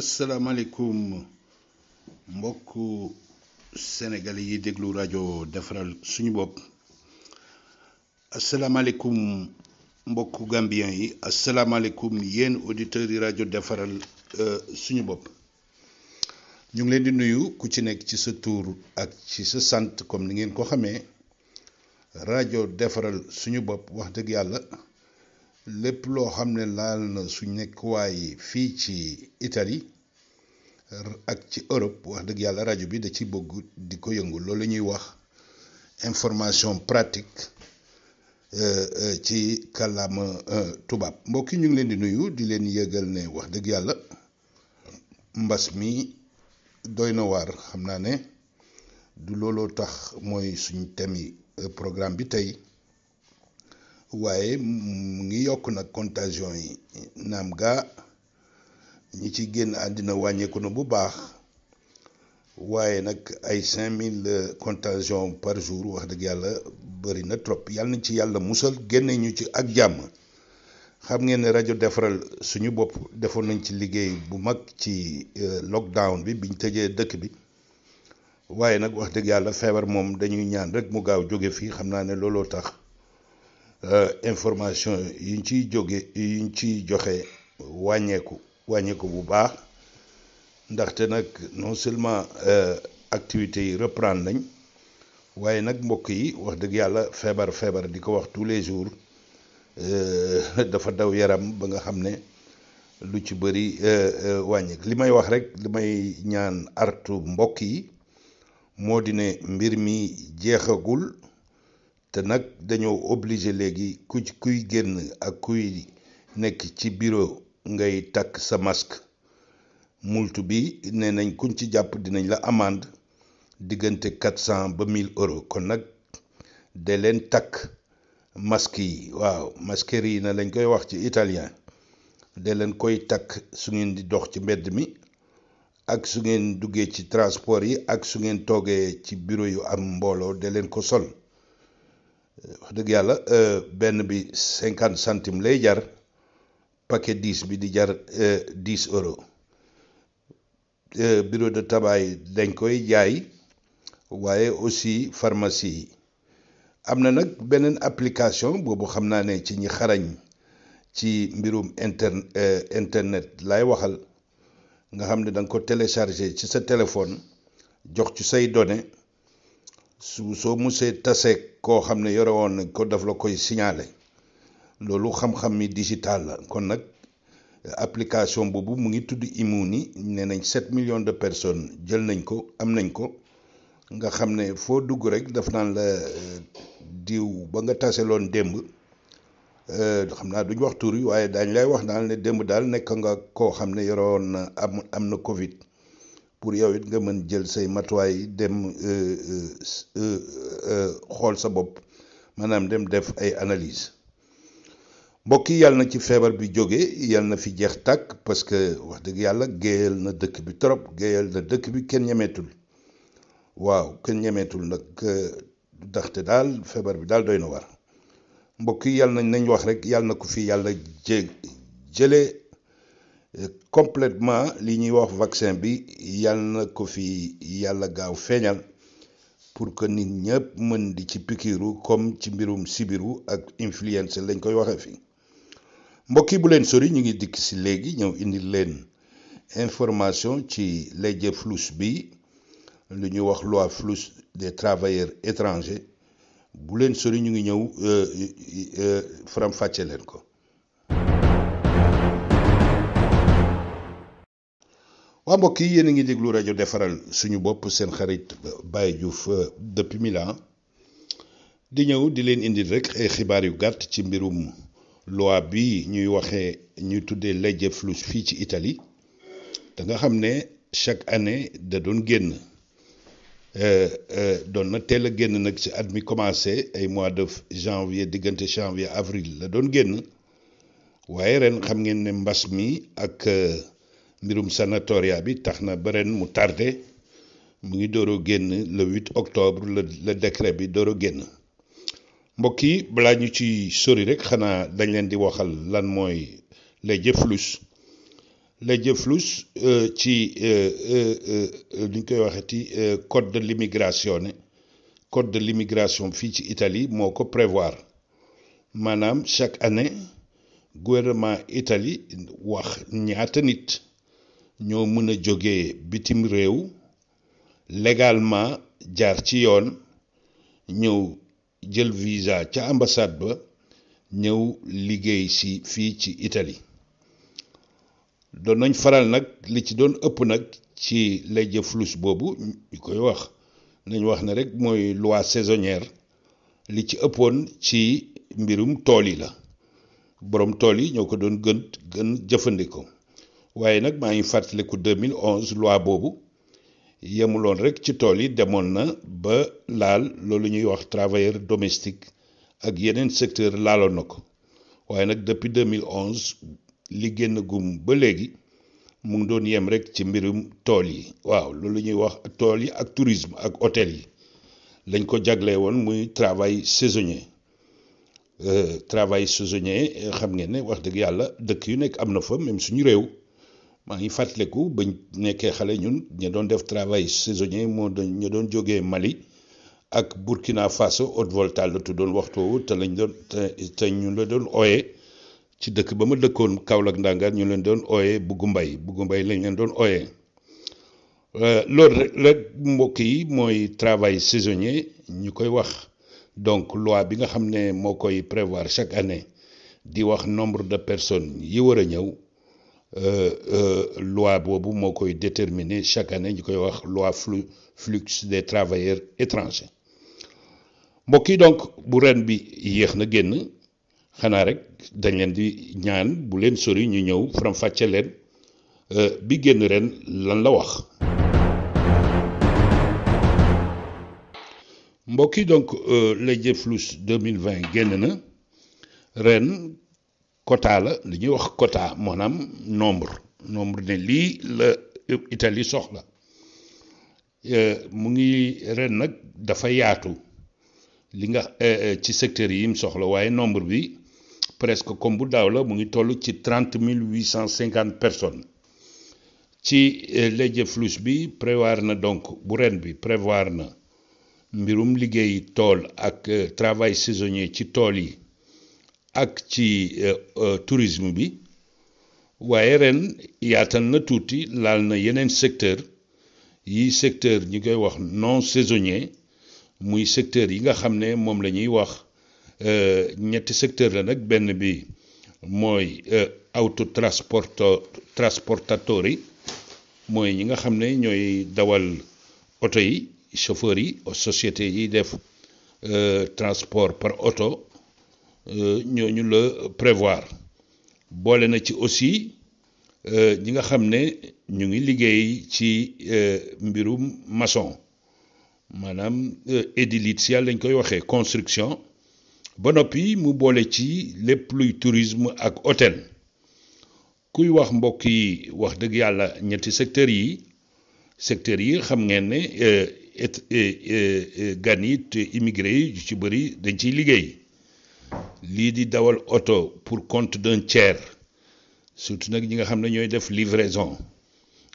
asalaamaaleykum mbokk sénégalais yi déglu rajo defaral suñu bopp asalaamaaleykum mbokk gambien yi asalaamaaleykum yéen auditeurs yi rajo defaral euh, suñu bopp ñu ngi leen di nuyu ku ci nekk ci sa tur ak ci sa sant comme ni ngeen ko xamee rajo defaral suñu bopp wax dëgg yàlla. lépp loo xam ne laal na suñ nekkuwaay yi fii ci itali ak ci Europe wax dëgg yàlla rajo bi da ci bëgg di ko yëngu loolu la ñuy wax information pratique euh, euh, ci kàllaama euh, tubaab mbokk yi ñu ngi leen di nuyu di leen yëgal ne wax dëgg yàlla mbas mi doy na waar xam naa ne du looloo tax mooy suñ thème programme bi tey. waaye mu ngi yokk nag contagion yi naam gaa ñi ci génn àddina wàññeeku na bu baax waaye nag ay cinq mille contagion par jour wax dëgg yàlla bëri na trop yàlla nañ ci yàlla musal génne ñu ci ak jàmm xam ngeen ne rajo defaral suñu bopp defoon nañ ci liggéey bu mag ci euh, lockdown bi biñ tëjee dëkk bi waaye nag wax dëgg yàlla feebar moom dañuy ñaan rek mu gaaw jóge fii xam naa ne looloo tax Euh, information yiñ ciy jóge yiñ ciy joxe wàññeeku wàññeeku bu baax ndaxte nag non seulement euh, activités yi reprendre nañ waaye nag mbokk yi wax dëgg yàlla feebar feebar di ko wax tous les jours euh, dafa daw yaram ba nga xam ne lu ci bëri wàññeeku li may wax rek li may ñaan artu mbokk yi moo di ne mbir mi jeexagul. te nag dañoo obligé léegi ku kuy génn ak kuy nekk ci bureau ngay takk sa mask multu bi ne nañ kuñ ci jàpp dinañ la amende diggante quatre cent ba mille euros kon nag de leen takk mask yi waaw na lañ koy wax ci italien de leen koy takk su ngeen di dox ci mbedd mi ak su ngeen duggee ci transport yi ak su ngeen toogee ci bureau yu am mbooloo de leen ko sol wax dëgg yàlla euh, benn bi cinquante centime lay jar paquet dix bi di jar euh, dix euro euh, bureau de tabac yi dañ koy jaay waaye aussi pharmacie yi am na nag beneen application boobu xam naa ne ci ñi xarañ ci mbirum inter internet lay waxal nga xam ne danga nga ko télécharger ci sa téléphone jox ci say données su soo musee taseeg koo xam ne yore woon nañ ko daf la koy signalé loolu xam-xam mi digital la kon nag application boobu mu ngi tudd Imuni ne nañ 7 million de personnes jël nañ ko am nañ ko nga xam ne foo dugg rek daf naan la euh, diw ba nga loon démb euh, xam naa duñ wax tur yi waaye daañ lay wax daal ne démb daal nekk nga koo xam ne yore woon na am am na Covid. pour yow it nga mën jël say matuwaay dem euh, euh, euh, xool sa bopp maanaam dem def ay analyse mbokk yi yàlla na ci feebar bi jóge yàlla na fi jeex tàkk parce que wax dëgg yàlla géeyal na dëkk bi trop géeyal na dëkk bi kenn ñemeetul waaw kenn ñemeetul nag ndaxte daal feebar bi daal doy na war mbokki yi yàlla nañ nañ wax rek yàlla na ko fi yàlla jé jëlee completement li ñuy wax vaccin bi yal na ko fi yàlla gaaw feeñal pour que nit ñëpp mën di ci pikiru comme ci mbirum sibiru ak influenza lañ koy waxee fii mbokk yi bu leen sori ñu ngi dikk si léegi ñëw indi leen information ci léegi flous bi lu ñuy wax loi flous des travailleurs étrangers bu leen sori ñu ngi ñëw euh, euh, euh, faram-fàcce leen ko. waa mbokk yi yéen a ngi déglu rajo defaral suñu bopp seen xarit euh, Baye Diouf euh, depuis Milan di ñëw di leen indil rek ay xibaar yu gàtt ci mbirum loi bi ñuy waxee ñuy tuddee legge fluss fii ci Italie da nga xam ne chaque année da doon génn euh, doon na teel a génn nag ci at mi commencé ay mois de janvier diggante janvier avril la doon génn waaye ren xam ngeen ne mbas mi ak. mbirum sanatoria bi tax na ba mu tardé mu ngi door a génn le 8 octobre la le bi door a génn mbokk yi balaa ñu ci sori rek xanaa dañ leen di waxal lan mooy lejeflus lejeflus euh, ci li euh, euh, ñu koy waxeeti code de l'immigration ne code de l'immigration fii ci Italie moo ko prévoir maanaam chaque année gouvernement Italie wax ñaata nit ñoo mën a jógee bitim réew légalement jaar ci yoon ñëw jël visa ca ambassade ba ñëw liggéey si fii ci Italie doon nañ faral nag li ci doon ëpp nag ci lejëflus boobu ñu koy wax nañ wax ne rek mooy loi saisonnière li ci ëppoon ci mbirum tool yi la boroom tool yi ñoo ko doon gën gën jëfandikoo. waaye nag maa ngi fàttaliku 2011 loi boobu yemuloon rek ci tool yi demoon na ba laal loolu ñuy wax travailleur domestique ak yeneen secteur laaloon na ko waaye nag depuis 2011 li génn gum ba léegi mu ngi doon yem rek ci mbirum tool yi waaw loolu ñuy wax tool yi ak tourisme ak hôtel yi lañ ko jaglee woon muy travail saisonnier euh, travail saisonnier xam ngeen ne wax dëgg yàlla dëkk yu nekk am na fa même suñu réew maa ngi fàttaliku bañ nekkee xale ñun ñu doon def travail saisonnier moo doon ñu doon jógee Mali ak Burkina Faso Haute-Volta la tuddoon waxtu woowu te lañ doon te te ñu la doon ooyee ci dëkk ba ma dëkkoon Kaolack Ndangaan ñu leen doon ooyee buggu mbay lañ leen doon ooyee euh, loolu rek mbokk yi mooy travail saisonnier ñu koy wax donc loi bi nga xam ne moo koy prévoir chaque année di wax nombre de personnes yi war a ñëw. Euh, euh, loi boobu moo koy déterminer chaque année ñu koy wax loi flux flux des travailleurs étrangers mbokk yi donc bu ren bi yéex na génn xanaa rek dañ leen di ñaan bu leen sori ñu ñëw faram-fàcce leen euh, bi génn ren lan la wax. mbokk yi donc les flux 2020 génn na ren. quota la li ñuy wax quota maanaam nombre nombre ne lii la Italie soxla euh, mu ngi ren nag dafa yaatu li nga euh, euh, ci secteur yi mu soxla waaye nombre bi presque comme bu daaw la mu ngi toll ci trente mille huit cent cinquante personnes ci lejeflus bi prévoir na donc bu ren bi prévoir na mbirum liggéey tool ak travail saisonnier ci tool yi ak ci euh, euh, tourisme bi waaye ren yaatal na tuuti laal na yeneen secteur yi secteur ñi koy wax non saisonnier muy secteur yi nga xam ne moom la ñuy wax euh, ñetti secteur la nag benn bi mooy auto transporto trasportatori mooy ñi nga xam ne ñooy dawal oto yi chauffeur yi société yi def transport par oto Euh, ñooñu la prévoir boole na ci aussi euh, ñi nga xam ne ñu ngi liggéey ci euh, mbirum mason maanaam édilite yàlla lañ koy waxee construction ba noppi mu boole ci lépp luy tourisme ak hôtel kuy wax mbokk yi wax dëgg yàlla ñetti secteurs yi secteurs yi xam ngeen ne gan it immigré yi ci bëri dañ ciy liggéey. lii di dawal oto pour compte d'un tiers surtout nag ñi nga xam ne ñooy def livraison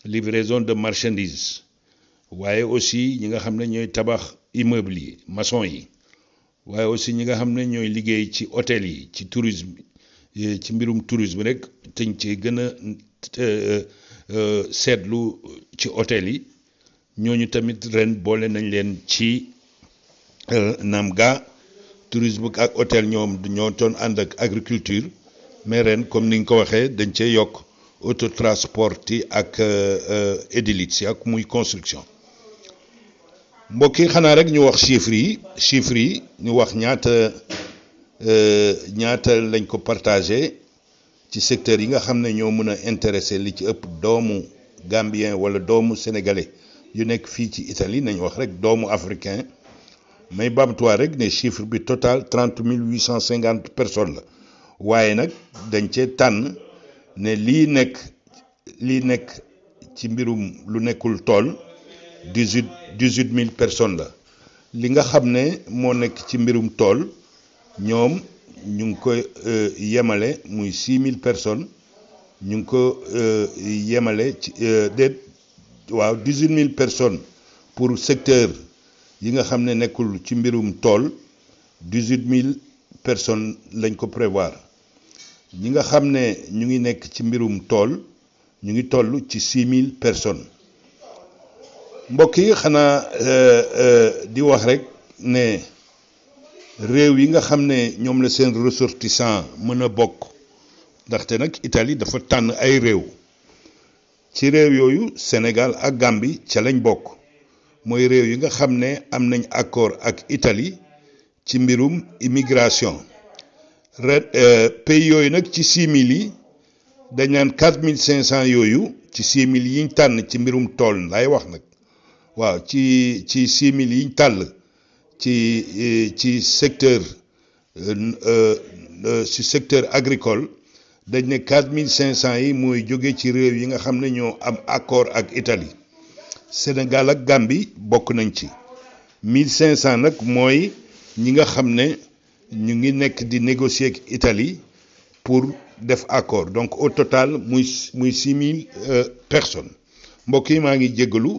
livraison de marchandise waaye aussi ñi nga xam ne ñooy tabax immeuble yi maçon yi waaye aussi ñi nga xam ne ñooy liggéey ci hôtel yi ci tourisme eh, ci mbirum tourisme rek teñ ci gën a eh, eh, seetlu ci hôtel yi ñooñu tamit ren boole nañ leen ci naam ga tourisme ak hôtel ñoom ñoo doon ànd ak agriculture mais ren comme ni nga ko waxee dañ cee yokk autotransport yi ak euh, euh, édilits yi ak muy construction mbokk yi xanaa rek ñu wax chiffres yi chiffres yi ñu wax ñaata euh, ñaata lañ ko partagé ci secteur yi nga xam ne ñoo mën a intéressé li ci ëpp doomu Gambien wala doomu sénégalais yu nekk fii ci Italie nañ wax rek doomu africain. may baamtuwaat rek ne chiffre bi total trente mille huit cent cinquante personnes la waaye nag dañ cee tànn ne lii nekk lii nekk ci mbirum lu nekkul tool dix huit dix huit mille personnes la li nga xam ne moo nekk ci mbirum tool ñoom ñu ngi ko euh, yemale muy six mille personnes ñu ngi ko euh, yemale ci euh, déet waaw dix mille personnes pour secteur. yi nga xam ne nekkul ci mbirum tool dix-huit mille personnes lañ ko prévoir ñi nga xam ne ñu ngi nekk ci mbirum tool ñu ngi toll ci six mille personnes mbokk yi xanaa euh, euh, di wax rek ne réew yi nga xam ne ñoom la seen ressortissant mën a bokk ndaxte nag Italie dafa tànn ay réew ci réew yooyu Sénégal ak Gambie ca lañ bokk mooy réew yi nga xam ne am nañ accord ak Italie ci mbirum immigration ren euh, pays yooyu nag ci six mille yi dañ naan quatre mille cinq cent yooyu ci six mille yiñ tànn ci mbirum tool laay wax nag waaw ci ci six mille yiñ tàll ci euh, ci secteur euh, ci secteur agricole dañ ne quatre mille cinq cent yi mooy jóge ci réew yi nga xam ne ñoo am accord ak Italie Sénégal ak Gambie bokk nañ ci 1500 nag mooy ñi nga xam ne ñu ngi nekk di négocier ak Italie pour def accord donc au total muy muy 6000 euh, personnes mbokk yi maa ngi jéggalu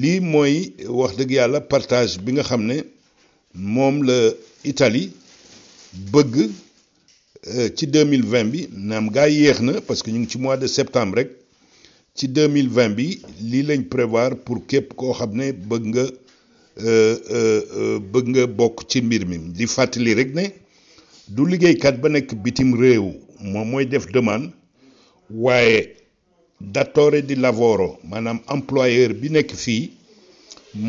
lii mooy wax dëgg yàlla partage bi nga xam ne moom la Italie bëgg euh, ci 2020 bi naam gaa yéex na parce que ñu ngi ci mois de septembre rek. ci deux mille vingt bi lii lañ prévoir pour képp koo xam ne bëgg nga euh, euh, euh, bëgg nga bokk ci mbir mi di fàttali rek ne du liggéeykat ba nekk bitim réew moom mooy def demande waaye datore di lavoro maanaam employeur bi nekk fii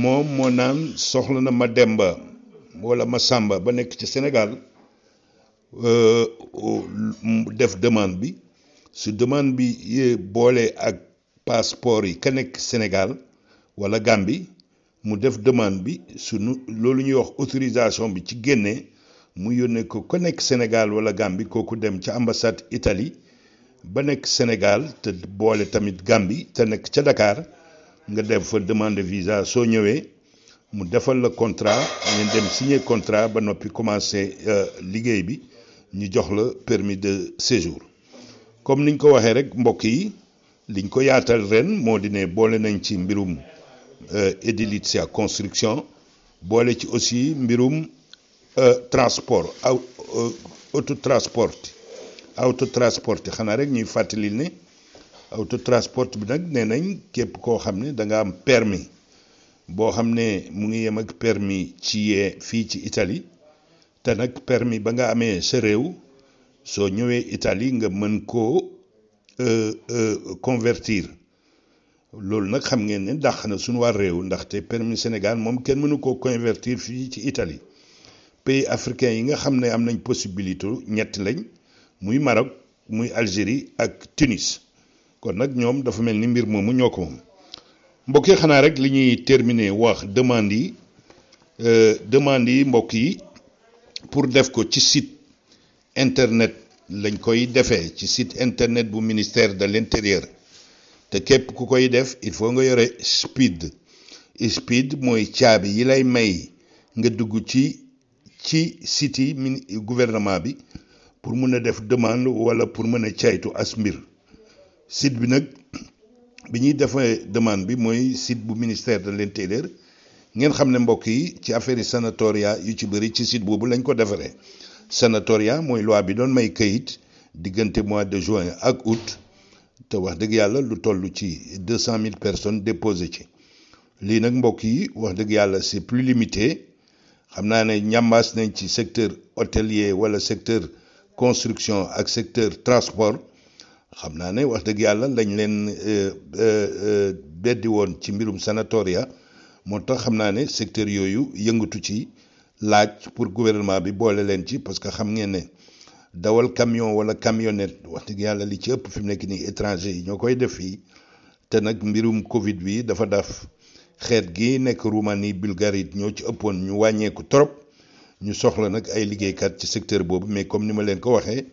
moom moo naan soxla na ma Demba wala ma sàmba ba nekk ci Sénégal def demande bi su demande bi boole ak passeport yi ka nekk Sénégal wala Gambie mu def demande bi sunu loolu ñuy wax autorisation bi ci génnee mu yónnee ko ka nekk Sénégal wala Gambie kooku dem ca ambassade Italie ba nekk Sénégal te boole tamit Gambie te nekk ca Dakar nga dem fa demande visa soo ñëwee mu defal la contrat ngeen dem signer contrat ba noppi commencé euh, liggéey bi ñu jox la permis de séjour comme niñ ko waxee rek mbokk yi. liñ ko yaatal ren moo di ne boole nañ ci mbirum si euh, edilitsia construction boole ci aussi mbirum euh, transport aw euh, autotransport autotransport xanaa rek ñuy fàttali ne autotransport bi nag nee nañ képp koo xam ne danga am permis boo xam ne mu ngi yem ak permis ci yee fii ci Italie te nag permis ba nga amee sa réew soo ñëwee Italie nga mën ko Euh, euh, convertir loolu nag xam ngeen ne dàq na suñu waa réew ndaxte permis Sénégal moom kenn mënu ko convertir fii ci itali pays africain yi nga xam ne am nañ possibilité ñetti lañ muy Maroc muy Algérie ak Tunis kon nag ñoom dafa mel ni mbir moomu ñoo ko moom mbokk xanaa rek li ñuy terminer wax demande yi euh, demande yi mbokk yi pour def ko ci site internet lañ koy defee ci site internet bu ministère de l'intérieur te képp ku koy def il faut nga yore speed speed mooy caabi yi lay may nga dugg ci ci site yi gouvernement bi pour mën a def demande wala pour mën a caytu as mbir bi nag bi ñuy defee demande bi mooy site bu ministère de l'intérieur ngeen xam ne mbokk yi ci affaire yi sanatoria yu ci bëri ci site boobu lañ ko defaree. sanatoria mooy loi bi doon may kayit diggante mois de juin ak août te wax dëgg yàlla lu tollu ci deux cent mille personnes déposé ci lii nag mbokk yi wax dëgg yàlla si plus limité xam naa ne ñàmbaas nañ ci secteur hôtelier wala secteur construction ak secteur transport xam naa ne wax dëgg yàlla lañ leen euh, euh, euh, beddi woon ci mbirum sanatoria moo tax xam naa ne secteur yooyu yëngatu ci laaj pour gouvernement bi boole leen ci parce que xam ngeen ne dawal camion wala camionnette wax dëgg yàlla li ci ëpp fi mu nekk nii étranger yi ñoo koy def fii te nag mbirum Covid bi dafa daf xeet gi nekk Roumanie Bulgarie ñoo ci ëppoon ñu wàññeeku trop ñu soxla nag ay liggéeykat ci secteur boobu mais comme ni ma leen ko waxee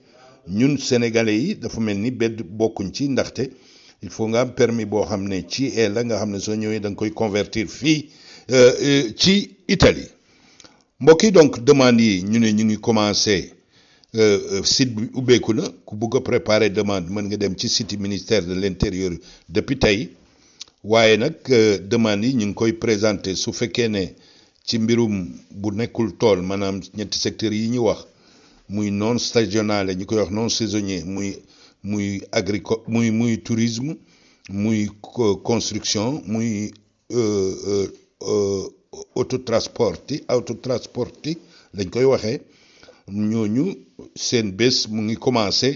ñun sénégalais yi dafa mel ni bedd bokkuñ ci ndaxte il faut nga am permis boo xam ne ci la nga xam ne soo ñëwee da nga koy convertir fii euh, euh, ci Italie. mbokk yi donc demande yi ñu ne ñu ngi commencé euh, euh, site bi ubbeeku na ku bugg a préparer demande mën nga dem ci site ministère de l'intérieur depuis tey waaye nag euh, demande yi ñu ngi koy présenter su fekkee ne ci mbirum bu nekkul tool maanaam ñetti secteurs yi ñu wax muy non stagionale ñu koy wax non saisonnier muy muy agricole muy muy tourisme muy construction muy. auto autotransporti autotransporti lañ koy waxee ñooñu seen bés mu ngi commencé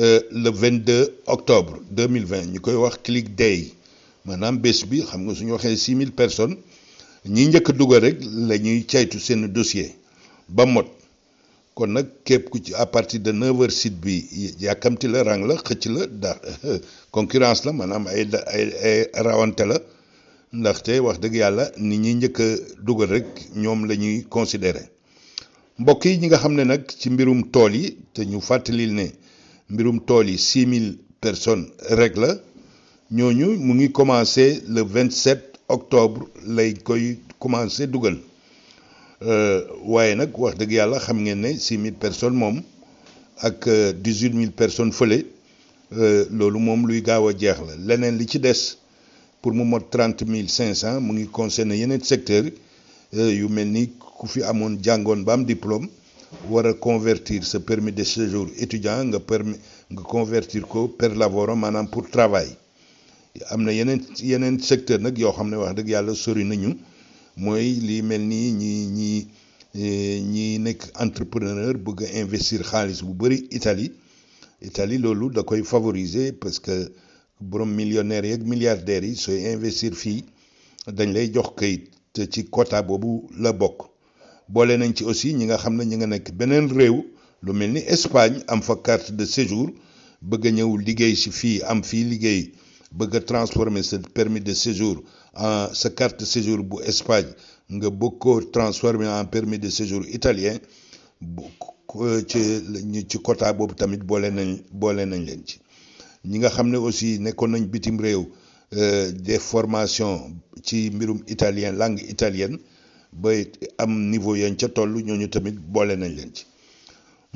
euh, le 22 octobre 2020 ñu koy wax click day maanaam bés bi xam nga suñu waxee mille personnes ñi njëkk a rek la ñuy caytu seen dossier ba mot kon nag képp ku ci à partir de 9h site bi yàkkamti la rang la xëcc la da concurrence la maanaam ay ay ay rawante la. ndaxte wax dëgg yàlla nit ñi njëkk a dugal rek ñoom la ñuy considéré mbokk yi ñi nga xam ne nag ci mbirum tool yi te ñu fàttali ne mbirum tool yi six mille personnes rek la ñooñu mu ngi commencé le vingt sept octobre lay koy commencé dugal euh, waaye nag wax dëgg yàlla xam ngeen ne six mille personnes moom ak euh, dix huit mille personnes fële euh, loolu moom luy gaaw a jeex la leneen li ci des. pour mu mot trente mille cinq cent mu ngi concerné yeneen secteur euh, yu mel ni ku fi amoon jàngoon ba am diplôme war a convertir sa permis de séjour étudiant nga permis nga convertir ko per lavoro maanaam pour travail am na yeneen yeneen secteur nag yoo xam ne wax dëgg yàlla sori nañu mooy lii mel nii ñi ñi euh, ñi nekk entrepreneur bëgg a investir xaalis bu bëri Italie Italie loolu da koy favoriser parce que borom millionnaires yeeg milliardaires yi sooy investir fii dañ lay jox kayit te ci quota boobu la bokk boole nañ ci aussi ñi nga xam ne ñi nga nekk beneen réew lu mel ni Espagne am fa carte de séjour bëgg a ñëw liggéey si fii am fii liggéey bëgg a transformer sa permis de séjour en sa carte de séjour bu Espagne nga bëgg ko transformer en permis de séjour italien bu ci ci quota boobu tamit boole nañ boole nañ leen ci. ñi nga xam ne aussi nekkoon nañ bitim réew euh, des formations ci mbirum italien langue italien ba am niveau yañ ca toll ñooñu tamit boole nañ leen ci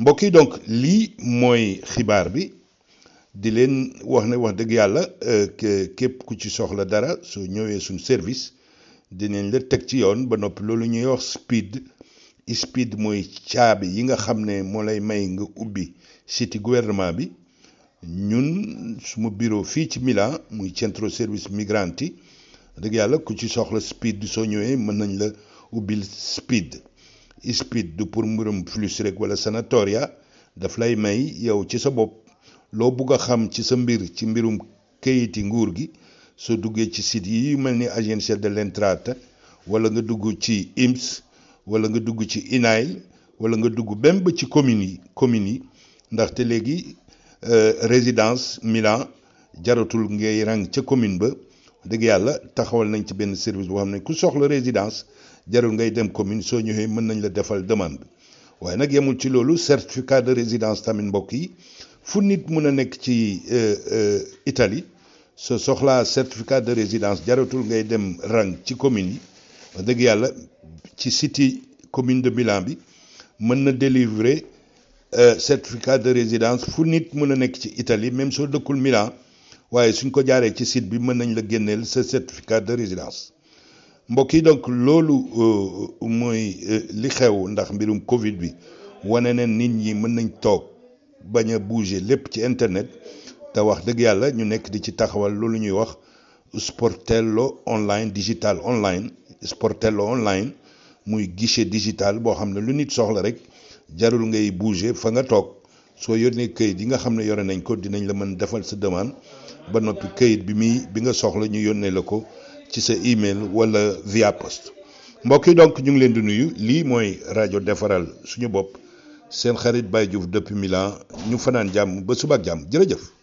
mbokk yi donc lii mooy xibaar bi di leen wax ne wax dëgg yàlla euh, képp ku ci soxla dara soo ñëwee suñ service dinañ la teg ci yoon ba noppi loolu ñuy wax speed speed mooy caabi yi nga xam ne moo lay may nga ubbi site gouvernement bi ñun suma biro fii ci Milan muy centro service migranti dëgg yàlla ku ci soxla speed soo ñëwee mën nañ la ubbil speed speed du pour mbirum flux rek wala sanatoria daf lay may yow ci sa bopp loo bugg a xam ci sa mbir ci mbirum kayiti nguur gi soo duggee ci site yi mel ni agenzia dell'entrata wala nga dugg ci INPS wala nga dugg ci INAIL wala nga dugg même ci communes yi communes yi léegi Euh, résidence Milan jaratul ngay rang ca commune ba dëgg yàlla taxawal nañ ci benn service boo xam ne ku soxla résidence jarul ngay dem commune soo ñëwee mën nañ la defal demande waaye nag yemul ci loolu certificat de résidence tamit mbokk yi fu nit mun a nekk ci euh, euh, Italie soo soxlaa certificat de résidence jaratul ngay dem rang ci commune yi wax dëgg yàlla ci cité commune de Milan bi mën na délivrer. Euh, certificat de résidence fu nit mën a nekk ci Italie même soo dëkkul Milan waaye suñ ko jaaree ci site bi mën nañ la génneel sa certificat de résidence mbokk yi donc loolu euh, mooy euh, li xew ndax mbirum Covid bi wane ne nit ñi mën nañ toog bañ a bouger lépp ci internet te wax dëgg yàlla ñu nekk di ci taxawal lu ñuy wax sportello online digital online sportello online muy guichet digital boo xam ne lu nit soxla rek. jarul ngay bouger fa nga toog soo yónnee këyit yi nga xam ne yore nañ ko dinañ la mën defal sa demande ba noppi këyit bi muy bi nga soxla ñu yónnee la ko ci sa email wala via poste mbokk yi donc ñu ngi leen di nuyu lii mooy rajo defaral suñu bopp seen xarit Baye Diouf depuis Milan ñu fanaan jàmm ba suba ak jàmm jërëjëf.